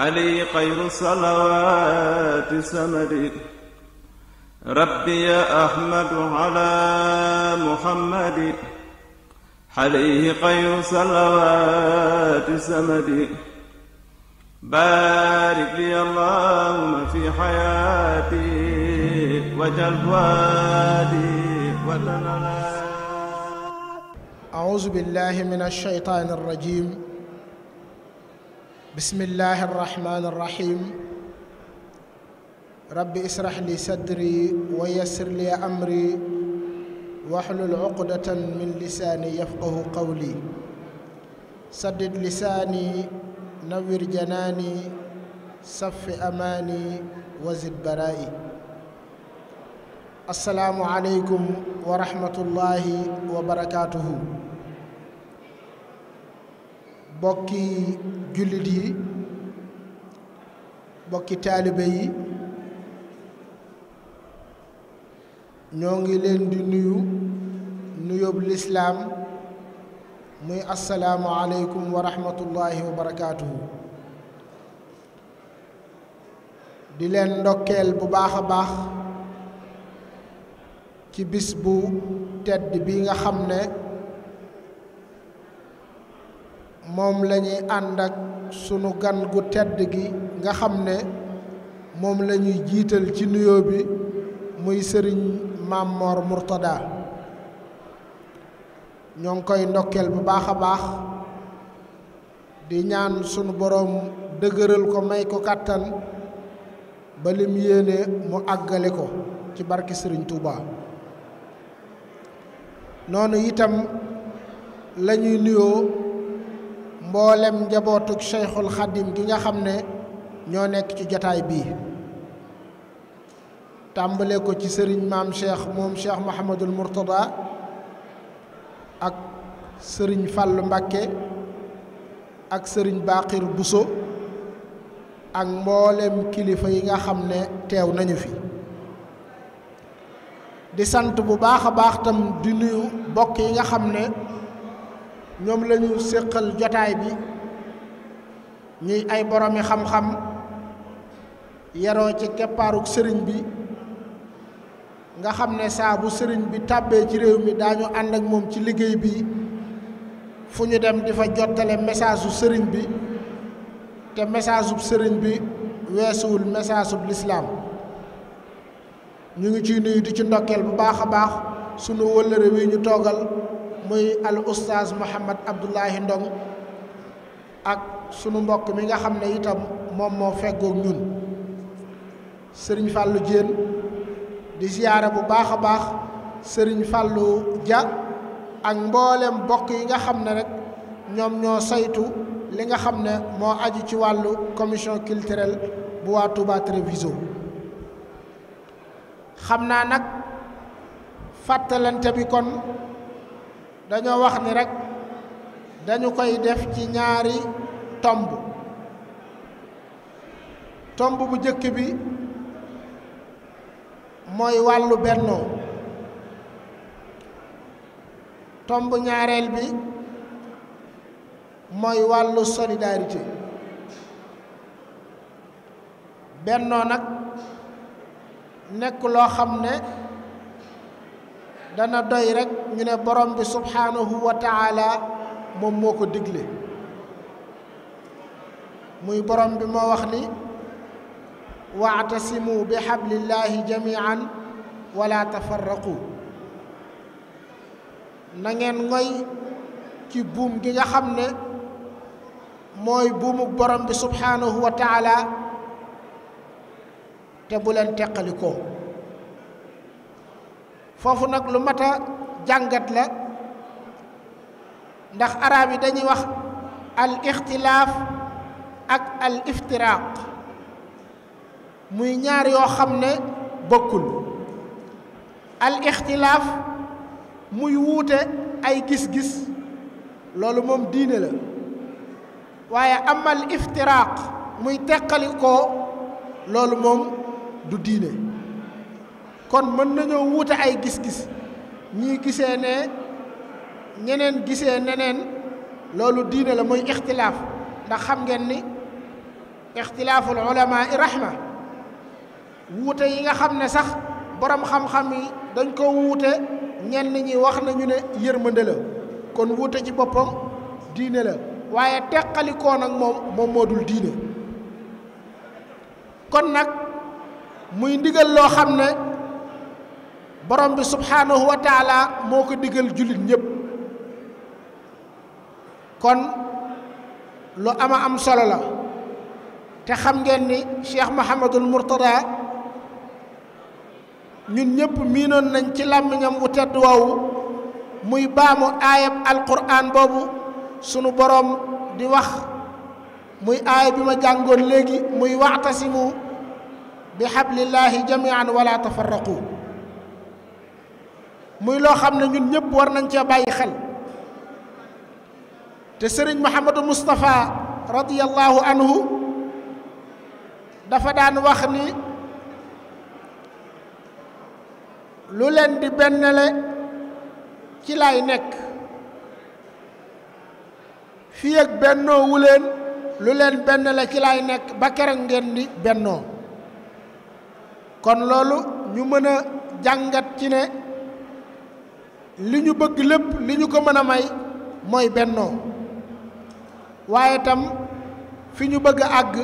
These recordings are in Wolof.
علي خير الصلوات سمد ربي يا أحمد على محمد عليه خير صلوات سمد بارك لي اللهم في حياتي وجل فؤادي وتنلى أعوذ بالله من الشيطان الرجيم bismillahi arrahmani irrahim rabbi israh li sadri wa yassir li amri wahlul uqdatan min lisaani yafqahu qawli saddid lisaani nawwir janaani saffi amaani wazid baraa'i asalaamu aleykum wa rahmatullahi wa barakaatuhu bokki jullit yi bokki taalibe yi ñoo ngi leen di nuyu nuyób lislaam muy assalaamu aleykum wa rahmatullahi wa barakaatuhu di leen ndokkeel bu baax a baax ci bis bu tedd bi nga xam ne moom la ñuy ànd ak sunu gan gu tedd gi nga xam ne moom lañuy jiital ci nuyoo bi muy sëriñ Mamor Mourtada ñoo ngi koy ndokkeel bu baax a baax di ñaan sunu boroom dëgëral ko may ko kàttan ba lim yéene mu àggale ko ci barki sëriñ Touba noonu itam la nuyoo mboolem njabootug Cheikhul Xadim gi nga xam ne ñoo nekk ci jataay bii tàmbale ko ci sëriñ maam cheikh moom cheikh Mouhamadul Mourtada ak sëriñ Fàllu Mbàkke ak sëriñ Baqir Buso ak mboolem kilifa yi nga xam ne teew nañu fi di sant bu baax a baax tam di nuyu bokk yi nga xam ne ñoom la ñu séqal jotaay bi ñuy ay boroomi xam-xam yaroo ci keppaaruk sëriñ bi nga xam ne saa bu sëriñ bi tàbbee ci réew mi daañu ànd ak moom ci liggéey bi fu ñu dem di fa jottale message su sëriñ bi te message su sëriñ bi weesuwul message su lislaam ñu ngi ciy nuyu di ci ndokkeel bu baax a baax sunu wëllëre wi ñu toogal muy al oustaz Mouhamed Abdoulahi Ndong ak sunu mbokk mi nga xam ne itam moom moo feggoog ñun sëriñ fàllu jén di ziyaare bu baax a baax sëriñ Fallou Dia ak mboolem bokk yi nga xam ne rek ñoom ñoo saytu li nga xam ne moo aju ci wàllu commission culturelle bu waa Touba Treviso xam naa nag fàttalante bi kon dañoo wax ni rekk dañu koy def ci ñaari tomb tomb bu jëkk bi mooy wàllu bennoo tomb ñaareel bi mooy wàllu solidarité bennoo nag nekk loo xam ne dana doy rekk ñu ne borom bi subhanahu wa taala moom moo ko digle muy borom bi moo wax ni waatasimu bi xablillahi jamian wala tafarraqu na ngeen ngoy ci buum gi nga xam ne mooy buumu borom bi subhanahu wa taala te buleen leen ko foofu nag lu mat jàngat la ndax arab yi dañuy wax al ixtilaaf ak al iftiraaq muy ñaar yoo xam ne bokkul al ixtilaaf muy wuute ay gis-gis loolu moom diine la waaye amal iftiraaq muy teqali ko loolu moom du diine kon mën nañoo wuute ay gis-gis ñii gisee ne ñeneen gisee neneen loolu diine la muy ixtilaaf ndax xam ngeen ni ixtilaaful ulamaa i rahma wuute yi nga xam ne sax boroom xam-xam yi dañ ko wuute ñenn ñi wax nañu ne yërmande la kon wuute ci boppam diine la waaye teqalikoo nag moom moom moo dul diine kon nag muy ndigal loo xam ne borom bi subhaanahu wa taala moo ko digal jullit ñépp kon lu ama am solo la te xam ngeen ni Cheikh Mouhamadul Mourtada ñun ñépp miinoon nañ ci làmmiñam wu tedd woowu muy baamu aayab alquran boobu sunu borom di wax muy aaya bi ma jàngoon léegi muy waxtasimu bi xablillaahi jamian wala tafarraqu muy loo xam ne ñun ñëpp war nañ cee bàyyi xel te sëriñ Mouhamadou Moustapha radiyallahu anhu dafa daan wax ni lu leen di bennale ci laay nekk fii ak bennoo wu leen lu leen bennale ci laay nekk ba keroog ngeen di bennoo kon loolu ñu mën a jàngat ci ne li ñu bëgg lépp li ñu ko mën a may mooy bennoo waaye tam fi ñu bëgg àgg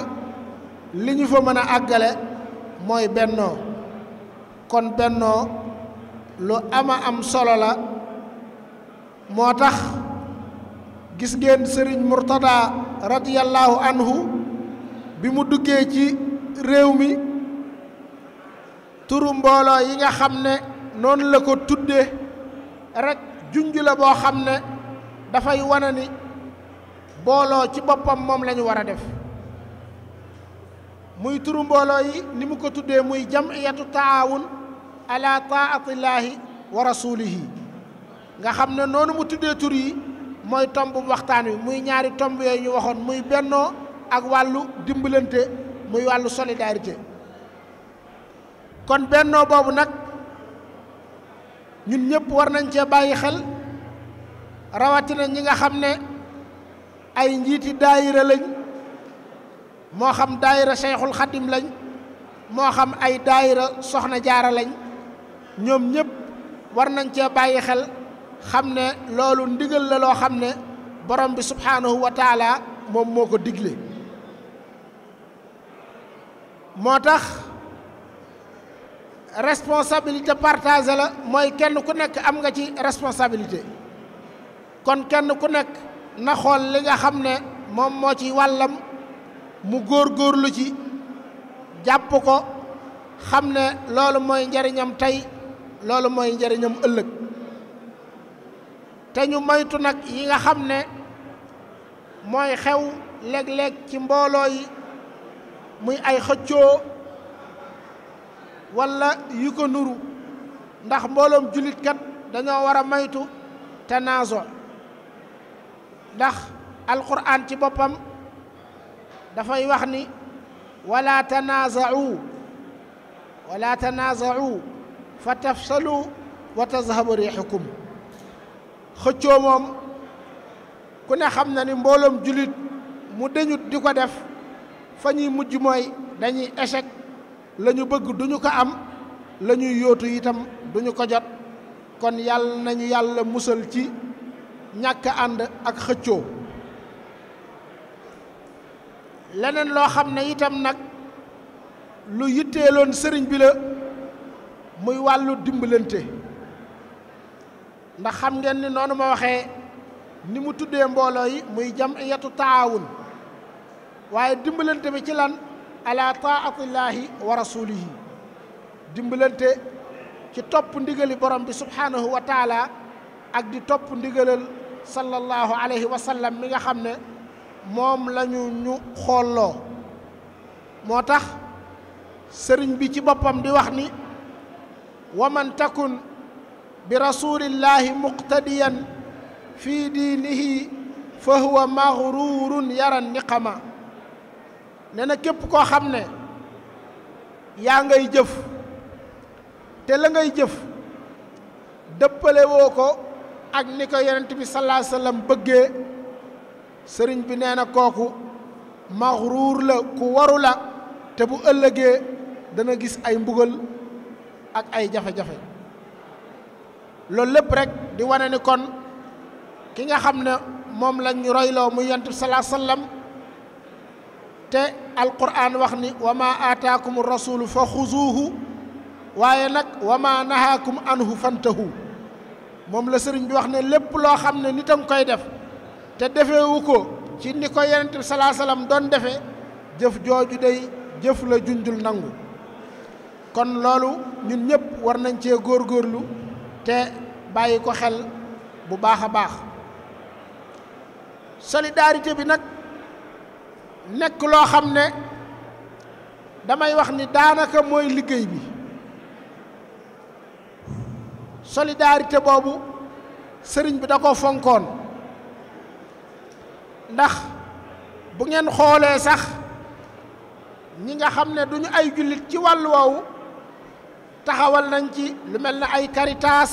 li ñu fa mën a àggale mooy bennoo kon bennoo lu ama am solo la moo tax gis ngeen sëriñ Murtada radiyallahu anhu bi mu duggee ci réew mi turu mbooloo yi nga xam ne noonu la ko tudde rek junj boo xam ne dafay wane ni booloo ci boppam moom lañu ñu war a def muy turu mbooloo yi ni mu ko tuddee muy jam'iyatu taawun ala taatillaahi wa rasulihi nga xam ne noonu mu tuddee tur yi mooy tomb waxtaan wi muy ñaari tomb yooyu waxoon muy bennoo ak wàllu dimbalante muy wàllu solidarité kon bennoo boobu nag ñun ñëpp war nañ cee bàyyi xel rawatina ñi nga xam ne ay njiiti daayira lañ moo xam daayira Cheikhul Khadim lañ moo xam ay daayira Soxna Jaara lañ ñoom ñëpp war nañ cee bàyyi xel xam ne loolu ndigal la loo xam ne borom bi subhaanahu wa taala moom moo ko digle responsabilité partagée la mooy kenn ku nekk am nga ci responsabilité kon kenn ku nekk na xool li nga xam ne moom moo ci wàllam mu góor góorgóorlu ci jàpp ko xam ne loolu mooy njariñam tey loolu mooy njariñam ëllëg te ñu moytu nag yi nga xam ne mooy xew léeg-léeg ci mbooloo yi muy ay xëccoo walla yu ko nuru ndax mbooloom jullit kat dañoo war a maytu tanaaso ndax alquran ci boppam dafay wax ni wala tanaazau wala tanaazau fa tafsalu wa tazhabu riixukum xëccoo moom ku ne xam na ni mbooloom jullit mu deñut di ko def fa ñuy mujj mooy dañuy échec la ñu bëgg duñu ko am la ñuy yóotu itam duñu ko jot kon yàlla nañu yàlla musal ci ñàkk ànd ak xëccoo leneen loo xam ne itam nag lu yitteeloon sëriñ bi la muy wàllu dimbalante ndax xam ngeen ni noonu ma waxee ni mu tuddee mbooloo yi muy jam iyatu taawun waaye dimbalante bi ci lan ala taatillahi wa rasulihi dimbalante ci topp ndigali borom bi subhanahu wa taala ak di topp ndigalal sallallahu alayhi wa sallam mi nga xam ne moom lañu ñu xoolloo moo tax sëriñ bi ci boppam di wax ni wa man takun bi rasulillahi muqtadiyan fi diinihi fa huwa maghrurun yaran niqama nee na képp koo xam ne yaa ngay jëf te la ngay jëf dëppale woo ko ak ni ko yonent bi sallallahu alayhi bëgge sëriñ bi nee na kooku maxruur la ku waru te bu ëllëgee dana gis ay mbugal ak ay jafe-jafe loolu lépp rek di wane ni kon ki nga xam ne moom lañ royloo muy yonent bi sallallahu alayhi te alquran wax ni wa ma aataakum rasulu fa xuzuuhu waaye nag wa ma nahaakum anhu fantahu moom la sëriñ bi wax ne lépp loo xam ne nit a koy def te defewu ko ci ni ko yonent bi salaa salaam doon defee jëf jooju dey jëf la junjul nangu kon loolu ñun ñëpp war nañ cee góorgóorlu te bàyyi ko xel bu baax a baax nekk loo xam ne damay wax ni daanaka mooy liggéey bi solidarité boobu sëriñ bi da ko fonkoon ndax bu ngeen xoolee sax ñi nga xam ne duñu ay jullit ci wàllu woowu taxawal nañ ci lu mel ne ay Caritas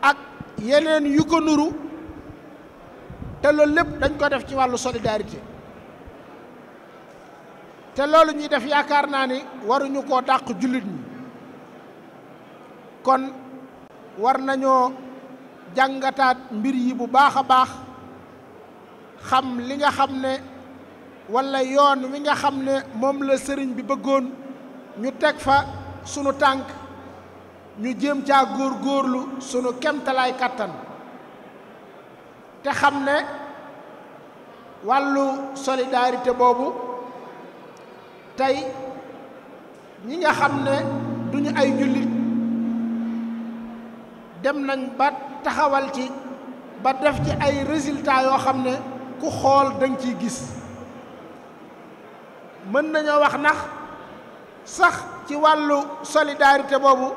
ak yeneen yu ko nuru te loolu lépp dañ ko def ci wàllu solidarité te loolu ñuy def yaakaar naa ni waruñu koo dàq jullit ñi kon war nañoo jàngataat mbir yi bu baax a baax xam li nga xam ne walla yoon wi nga xam ne moom la sëriñ bi bëggoon ñu teg fa sunu tànk ñu jéem caa góor góorlu sunu kemtalaay kàttan te xam ne wàllu solidarité boobu tey ñi nga xam ne duñu ay jullit dem nañ ba taxawal ci ba def ci ay résultats yoo xam ne ku xool dañ ciy gis mën nañoo wax nax sax ci wàllu solidarité boobu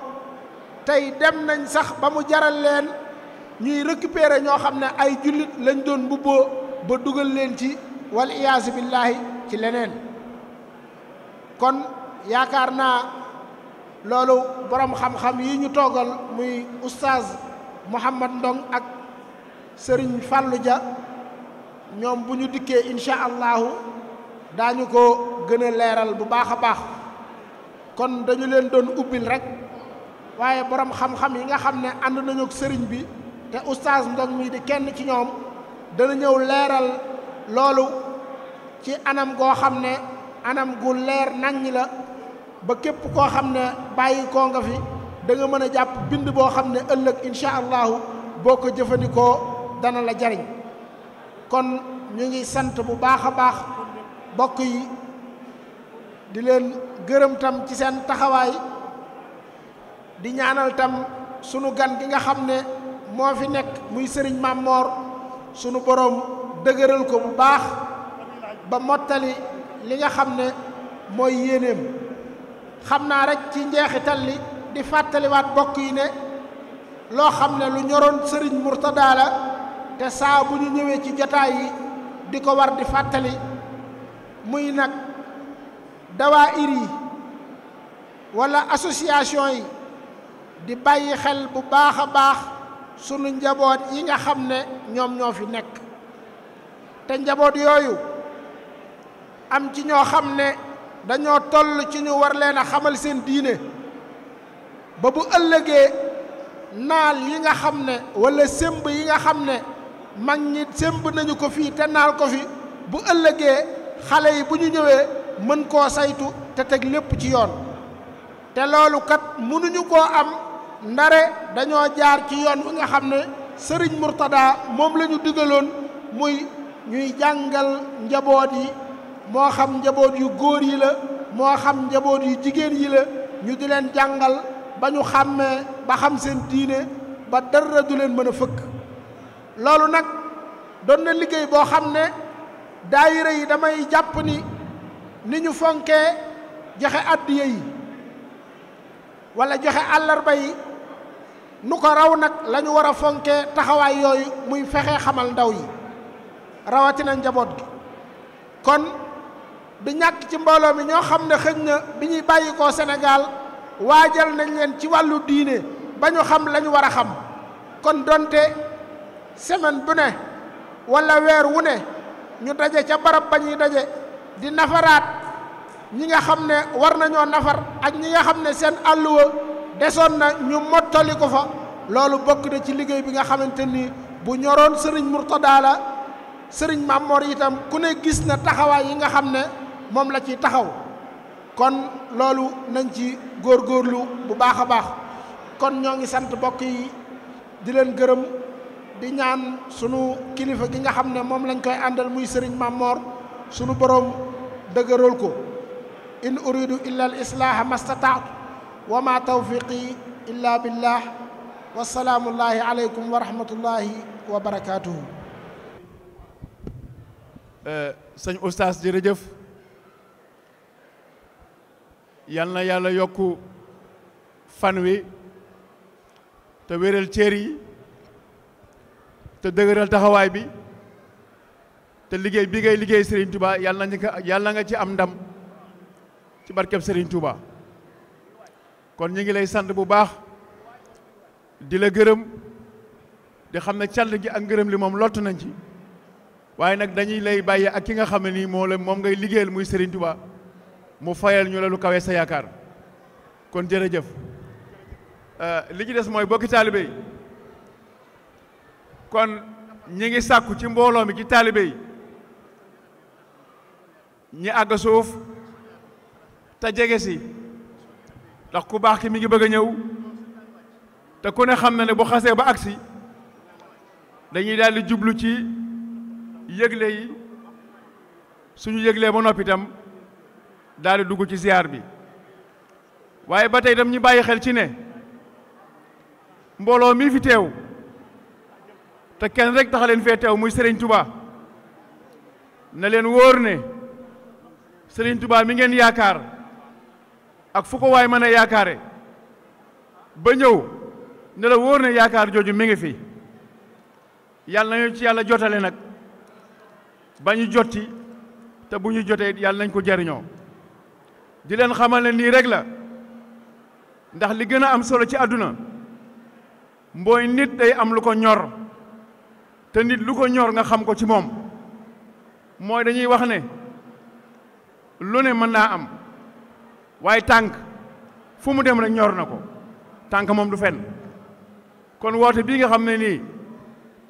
tey dem nañ sax ba mu jaral leen ñuy récupérer ñoo xam ne ay jullit lañ doon mbubboo ba dugal leen ci wal iyaasu ci leneen kon yaakaar naa loolu borom xam-xam yi ñu toogal muy oustaz Mouhamad Ndong ak Serigne Fallou Dia ñoom bu ñu dikkee incha allahu daañu ko gën a leeral bu baax a baax kon dañu leen doon ubbil rek waaye borom xam-xam yi nga xam ne ànd nañu ak sëriñ bi. te oustaz Ndong mii di kenn ci ñoom dana ñëw leeral loolu ci anam goo xam ne anam gu leer naññ la ba képp koo xam ne bàyyi koo nga fi da mën a jàpp bind boo xam ne ëllëg incha allahu boo ko jëfandikoo dana la jariñ kon ñu ngi sant bu baax a baax bokk yi di leen gërëm tam ci seen taxawaay di ñaanal tam sunu gan gi nga xam ne moo fi nekk muy sëriñ Maam sunu boroom dëgëral ko bu baax ba mottali li nga xam ne mooy yéeneem xam naa rek ci njeexital li di fàttaliwaat bokk yi ne loo xam ne lu ñoroon sëriñ Murtada la te saa bu ñu ñëwee ci jotaay yi di ko war di fàttali muy nag dawaa ir yi walla association yi di bàyyi xel bu baax baax sunu njaboot yi nga xam ne ñoom ñoo fi nekk te njaboot yooyu am ci ñoo xam ne dañoo toll ci ñu war leen a xamal seen diine ba bu ëllëgee naal yi nga xam ne walla sémb yi nga xam ne mag ñi sémb nañu ko fii te naal ko fi bu ëllëgee xale yi bu ñu ñëwee mën koo saytu te teg lépp ci yoon te loolu kat mënuñu koo am ndare dañoo jaar ci yoon wi nga xam ne sëriñ Murtada moom lañu ñu digaloon muy ñuy jàngal njaboot yi moo xam njaboot yu góor yi la moo xam njaboot yu jigéen yi la ñu di leen jàngal ba ñu xàmmee ba xam seen diine ba dara du leen mën a fëkk loolu nag doon na liggéey boo xam ne daayira yi damay jàpp ni ni ñu fonkee joxe addiya yi wala joxe àllarba yi nu ko raw nag lañu ñu war a fonkee taxawaay yooyu muy fexe xamal ndaw yi na njaboot gi kon du ñàkk ci mbooloo mi ñoo xam ne xëj na bi ñuy bàyyi koo Sénégal waajal nañ leen ci wàllu diine ba ñu xam lañu ñu war a xam kon donte semaine bu ne walla weer wu ne ñu daje ca barab ba ñuy daje di nafaraat ñi nga xam ne war nañoo nafar ak ñi nga xam ne seen àlluwa desoon na ñu mottali ko fa loolu bokk na ci liggéey bi nga xamante ni bu ñoroon sëriñ Murtada la sëriñ Mamor itam ku ne gis na taxawaay yi nga xam ne moom la ciy taxaw kon loolu nañ ci góor góorlu bu baax a baax kon ñoo ngi sant bokk yi di leen gërëm di ñaan sunu kilifa gi nga xam ne moom lañ koy àndal muy sëriñ Mamor sunu boroom dëgëral ko in uridu illa al islaaha wa ma tawfiqi illa billah wa salaamullahi aleykum wa rahmatullahi wa barakaatuhu eh, sëñ oustaz jërëjëf yal na yàlla yokku fan wi te wéral cër yi te dëgëral taxawaay bi te liggéey bi ngay liggéey Serigne Touba yàlla na nga ci am ndam ci barkeb Serigne Touba kon ñu ngi lay sand bu baax di la gërëm di xam ne cant gi ak ngërëm li moom lott nañ ci waaye nag dañuy lay bàyyi ak ki nga xam ne nii moo la moom ngay liggéeyal muy Serigne Touba mu fayal ñu la lu kawee sa yaakaar kon jërëjëf euh, li ci des mooy bokki taalibe yi kon ñi ngi sàkku ci mbooloo mi ci taalibe yi ñi àgg suuf te jege si ndax ku baax ki mi ngi bëgg a ñëw te ku ne xam na ne bu xasee ba agsi dañuy daal di jublu ci yëgle yi suñu yëglee ba noppi itam daal dugg ci ziar bi waaye ba tey itam ñi bàyyi xel ci ne mbooloo mii fi teew te kenn rek tax leen fee teew muy Serigne tubaa na leen wóor ne Serigne Touba mi ngeen yaakaar. ak fu ko waay mën a yaakaare ba ñëw ne la wóor ne yaakaar jooju mi ngi fi yàlla nañu ci yàlla jotale nag ba ñu jotti te bu ñu jotee yàlla nañ ko jariñoo di leen xamal ne nii rek la ndax li gën a am solo ci àdduna mooy nit day am lu ko ñor te nit lu ko ñor nga xam ko ci moom mooy dañuy wax ne lu ne mën naa am waaye tànk fu mu dem rek ñor na ko tànk moom du fenn kon woote bii nga xam ne nii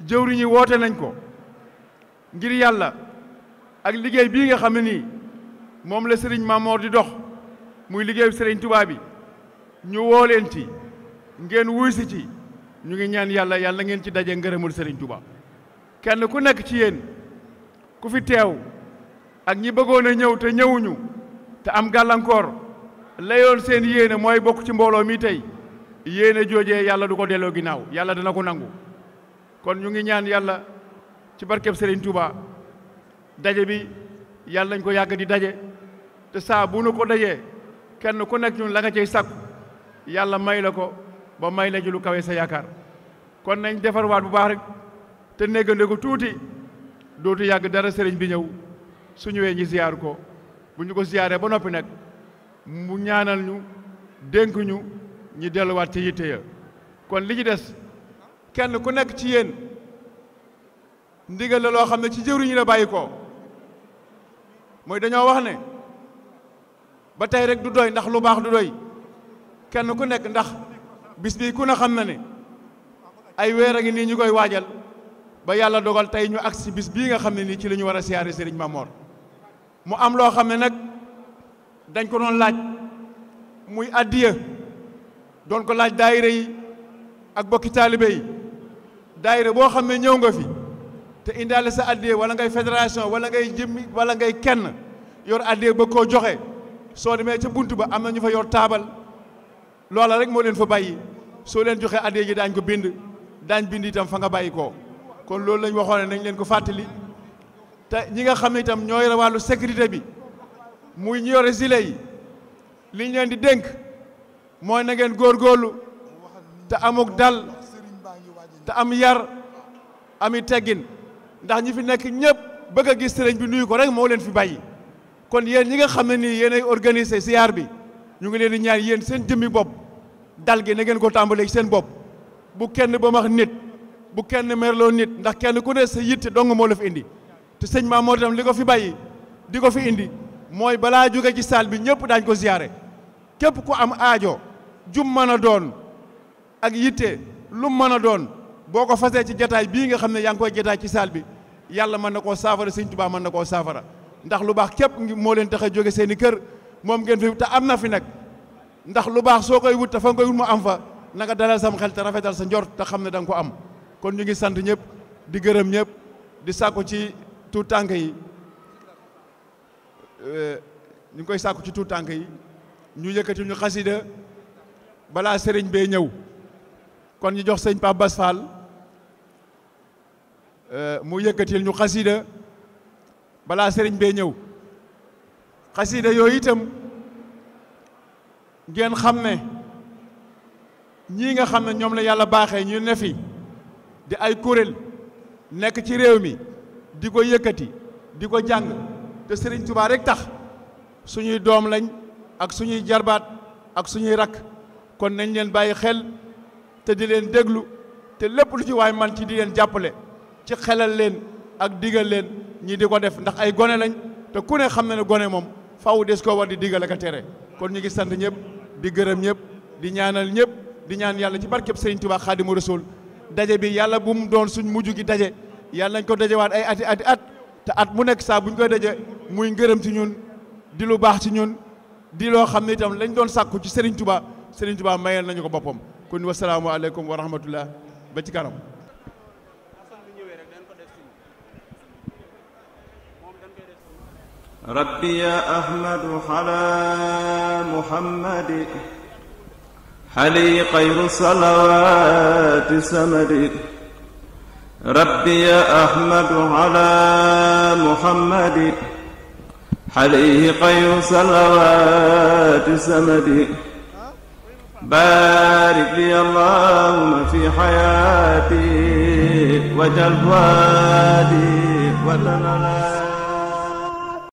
jëwriñ yi woote nañ ko ngir yàlla ak liggéey bi nga xam ne nii moom la sëriñ Mamor di dox muy liggéeyu sëriñ Tuubaa bi ñu woo leen ci ngeen wuy si ci ñu ngi ñaan yàlla yàlla ngeen ci daje ngërëmul sëriñ Tuubaa kenn ku nekk ci yéen ku fi teew ak ñi bëggoon ñëw te ñëwuñu te am gàllankoor layoon seen yéene mooy bokk ci mbooloo mi tey yéene joojee yàlla du ko delloo ginnaaw yàlla dana ko nangu kon ñu ngi ñaan yàlla ci barkeb Serigne Touba daje bi yàlla nañ ko yàgg di daje te saa bu nu ko dajee kenn ku nekk ñun la nga cay sàkku yàlla may la ko ba may la lu kawe sa yaakaar kon nañ defarwaat bu baax rek te néggandiku tuuti dootu yàgg dara sëriñ bi ñëw su ñëwee ñi ziyaar ko bu ñu ko ziyaaree ba noppi nag mu ñaanal ñu dénk ñu ñu delluwaat ci yitte ya kon li ci des kenn ku nekk ci yéen ndigal loo xam ne ci jëwriñu la bàyyi ko mooy dañoo wax ne ba tey rek du doy ndax lu baax du doy kenn ku nekk ndax bis bii ku ne xam na ne ay weer a ngi nii ñu koy waajal ba yàlla dogal tey ñu agsi bis bii nga xam ne nii ci la ñu war a siyaare Serigne Mamor mu am loo xam ne nag. dañ ko doon laaj muy addiya doon ko laaj daayira yi ak bokki taalibe yi daayira boo xam ne ñëw nga fi te indaale sa addiya wala ngay fédération wala ngay jëmmi wala ngay kenn yor addiya ba koo joxe soo demee ca bunt ba am na ñu fa yor taabal loola rek moo leen fa bàyyi soo leen joxee addiya ji daañ ko bind daañ bind itam fa nga bàyyi ko kon loolu lañ waxoon ne nañ leen ko fàttali te ñi nga xam ne itam ñooy wàllu sécurité bi muy ñu yore zile yi li ñu leen di dénk mooy na ngeen góorgóorlu te amuk dal te am yar ami teggin ndax ñi fi nekk ñëpp bëgg a gis sëriñ bi nuyu ko rek moo leen fi bàyyi kon yéen ñi nga xam ne nii yéenay organiser siyaar bi ñu ngi leen di ñaan yéen seen jëmmi bopp dal gi na ko tàmbalee seen bopp bu kenn ba max nit bu kenn merloo nit ndax kenn ku ne sa yit te dong moo la fi indi te sëñ Maam moo tam li ko fi bàyyi di ko fi indi mooy balaa jóge ci salle bi ñëpp daañ ko ziyaare képp ku am aajo jum mën a doon ak yitte lum mën a doon boo ko fasee ci jataay bii nga xam ne yaa ngi koy jataay ci salle bi yàlla mën na koo saafara sëñ Tuubaa mën na koo saafara ndax lu baax képp moo leen tax a jóge seen i kër moom ngeen fi te am na fi nag ndax lu baax soo koy wut te fa nga koy wut mu am fa na nga dalal sam xel te rafetal sa njor te xam ne da nga ko am kon ñu ngi sant ñëpp di gërëm di sàkku ci tuut tànk yi ñu ngi koy sàkku ci tout tànk yi ñu yëkkati ñu xasida balaa sëriñ bee ñëw kon ñu jox sëñ Pape Bass Fall euh, mu yëkkatil ñu xasida balaa sëriñ bee ñëw xasida yooyu itam ngeen xam ne ñii nga xam ne ñoom la yàlla baaxee ñu ne fi di ay kuréel nekk ci réew mi di ko yëkkati di ko jàng te Serigne Touba rek tax suñuy doom lañ ak suñuy jarbaat ak suñuy rakk kon nañ leen bàyyi xel te di leen déglu te lépp lu ci waay man ci di leen jàppale ci xelal leen ak digal leen ñi di ko def ndax ay gone lañ te ku ne xam na ne gone moom faaw dees koo war di digal ak a tere kon ñu ngi sant ñëpp di gërëm ñëpp di ñaanal ñëpp di ñaan yàlla ci barkeb Serigne Touba Xaadimu Rasuul daje bi yàlla bu mu doon suñ mujj daje yàlla nañ ko dajewaat ay ati ati te at mu nekk saa bu ñu koy dajee muy ngërëm ci ñun di lu baax ci ñun di loo xam ne itam lañ doon sàkku ci Serigne Touba Serigne Touba mayal nañu ko boppam kon wasalaamualeykum wa rahmatullah ba ci kanam. rabbi ya ahmadu ala muhammadi xayru salawaati samadi rabbi ya ahmadu ala muhammadi alayhi xayru salawaati samadi baarik li allahumma fi xayaati wajal waadi watanala